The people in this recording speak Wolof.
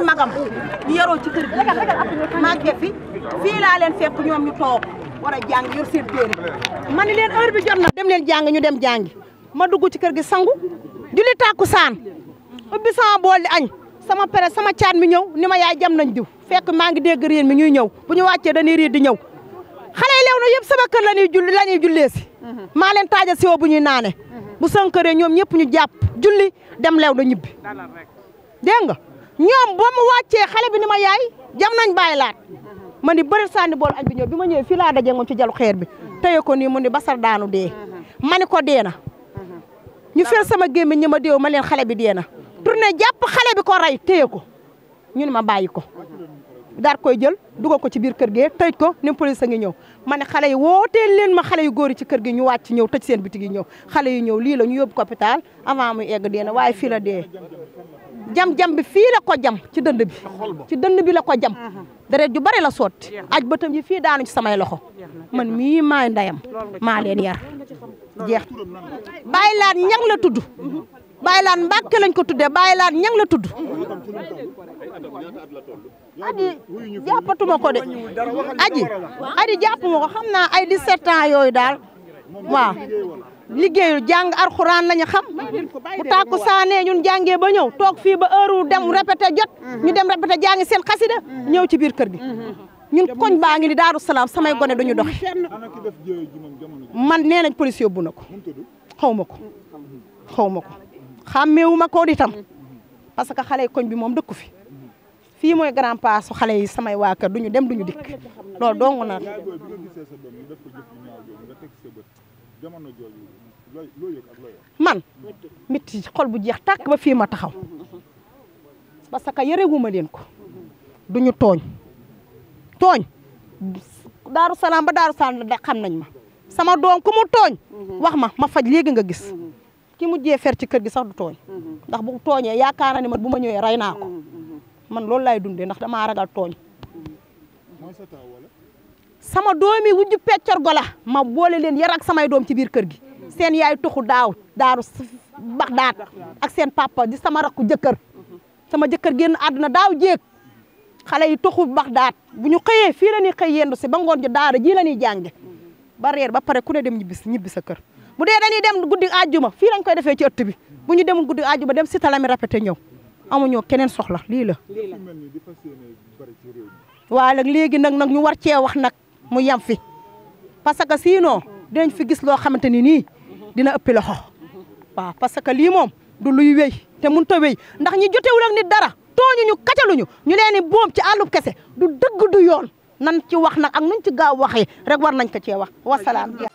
ay magam di yaroo ci kër gi màgge fi fii laa leen fekk ñoom ñu toog war a jàng yor seen leen heure bi jot na dem leen jàng ñu dem jàngi ma dugg ci kër gi sangu julli tàkkusaan ubbi sama bool di añ sama pere sama caat mi ñëw ni ma yaay jam nañ diw fekk maa ngi dégg réen mi ñuy ñëw bu ñu wàccee dañuy riir di ñëw xale yi lew na yëpp sama kër la ñuy julli la ñuy si maa leen taaja si woo bu ñuy naane bu sënkëree ñoom ñëpp ñu jàpp julli dem leew na ñibbi ñoom ba mu wàccee xale bi ni ma yaay jam nañ bàyyi laat ma ni bëri sànni bool añ bi ñëw bi ma ñëwee fii laa dajee moom ci jalu xeer bi téye ko nii mu ni basar daanu dee ma ni ko dee na ñu fer sama gémmi ñi ma déew ma leen xale bi dee na tourné jàpp xale bi ko rey téye ko ñu ne ma bàyyi ko daal koy jël dugal ko ci biir kër gi tëj ko ni police a ñëw ma ne xale yi wooteel leen ma xale yu góor yi ci kër gi ñu wàcc ñëw tëj seen bitig yi ñëw xale yu ñëw lii la ñu yóbbu ko hôpital avant muy egg dee na waaye fii la dee jam-jam bi fii la ko jam ci dënd bi ci dënd bi la ko jam deret ju bari la sotti aj bëtam yi fii daanu ci samay loxo man mii maay ndeyam maa leen yar jeex bàyyi laan ñang la tudd bàyyi laan mbàkke lañ ko tuddee bàyyi laan ñang la tudd aji jàppatuma ko de aji aji jàppuma ko xam naa ay 17 ans yooyu daal waaw liggéeyu jàng arxuraan lañu xam bu tàkku saanee ñun jàngee ba ñëw toog fii ba heure dem répété jot ñu dem répété jàngi seen xasida ñëw ci biir kër gi ñun koñ baa ngi ni daaru salaam samay gone duñu dox man nee nañ police yóbbu na ko xaw ma ko xaw ma ko xàmmeewu ma ko itam parce que xale yi koñ bi moom dëkku fi fii mooy grand pas su xale yi samay waa kër duñu dem duñu dikk loolu dong na jamono man métti xol bu jeex tàkk ba fii ma taxaw parce que yarewuma leen ko duñu tooñ tooñ daaru salaam ba daaru salaam da xam nañ ma sama doom ku mu tooñ wax ma ma faj léegi nga gis ki mujjee fer ci kër gi sax du tooñ ndax bu tooñe yaakaar na ne ma bu ma ñëwee rey naa ko man loolu laay dundee ndax damaa ragal tooñ sama doomi wujju peccor gola ma boole leen yar ak samay doom ci biir kër gi seen yaay tuxu daaw daaru baxdaat ak seen papa di sama rakku jëkkër sama jëkkër génn àdduna daaw jéeg xale yi tuxu baxdaat bu ñu xëyee fii la ñuy si ba ngoon ji daara ji la ñuy jànge ba reer ba pare ku ne dem ñibbis ñibbi sa kër bu dee dañuy dem guddi àjjuma fii lañ koy defee ci ëtt bi bu ñu demul guddi àjjuma dem si talami répété ñëw amuñoo keneen soxla lii la. waaye nag léegi nag nag ñu war cee wax nag. mu yem fi parce que sinon dañ fi gis loo xamante ni nii dina ëppi loxo waaw parce que lii moom du luy wéy te mun a wéy ndax ñi jotewul ak nit dara tooñu ñu kacaluñu ñu leen ni boom ci àllub kese du dëgg du yoon nan ci wax nag ak nuñ ci gaaw waxee rek war nañ ko cee wax wasalaam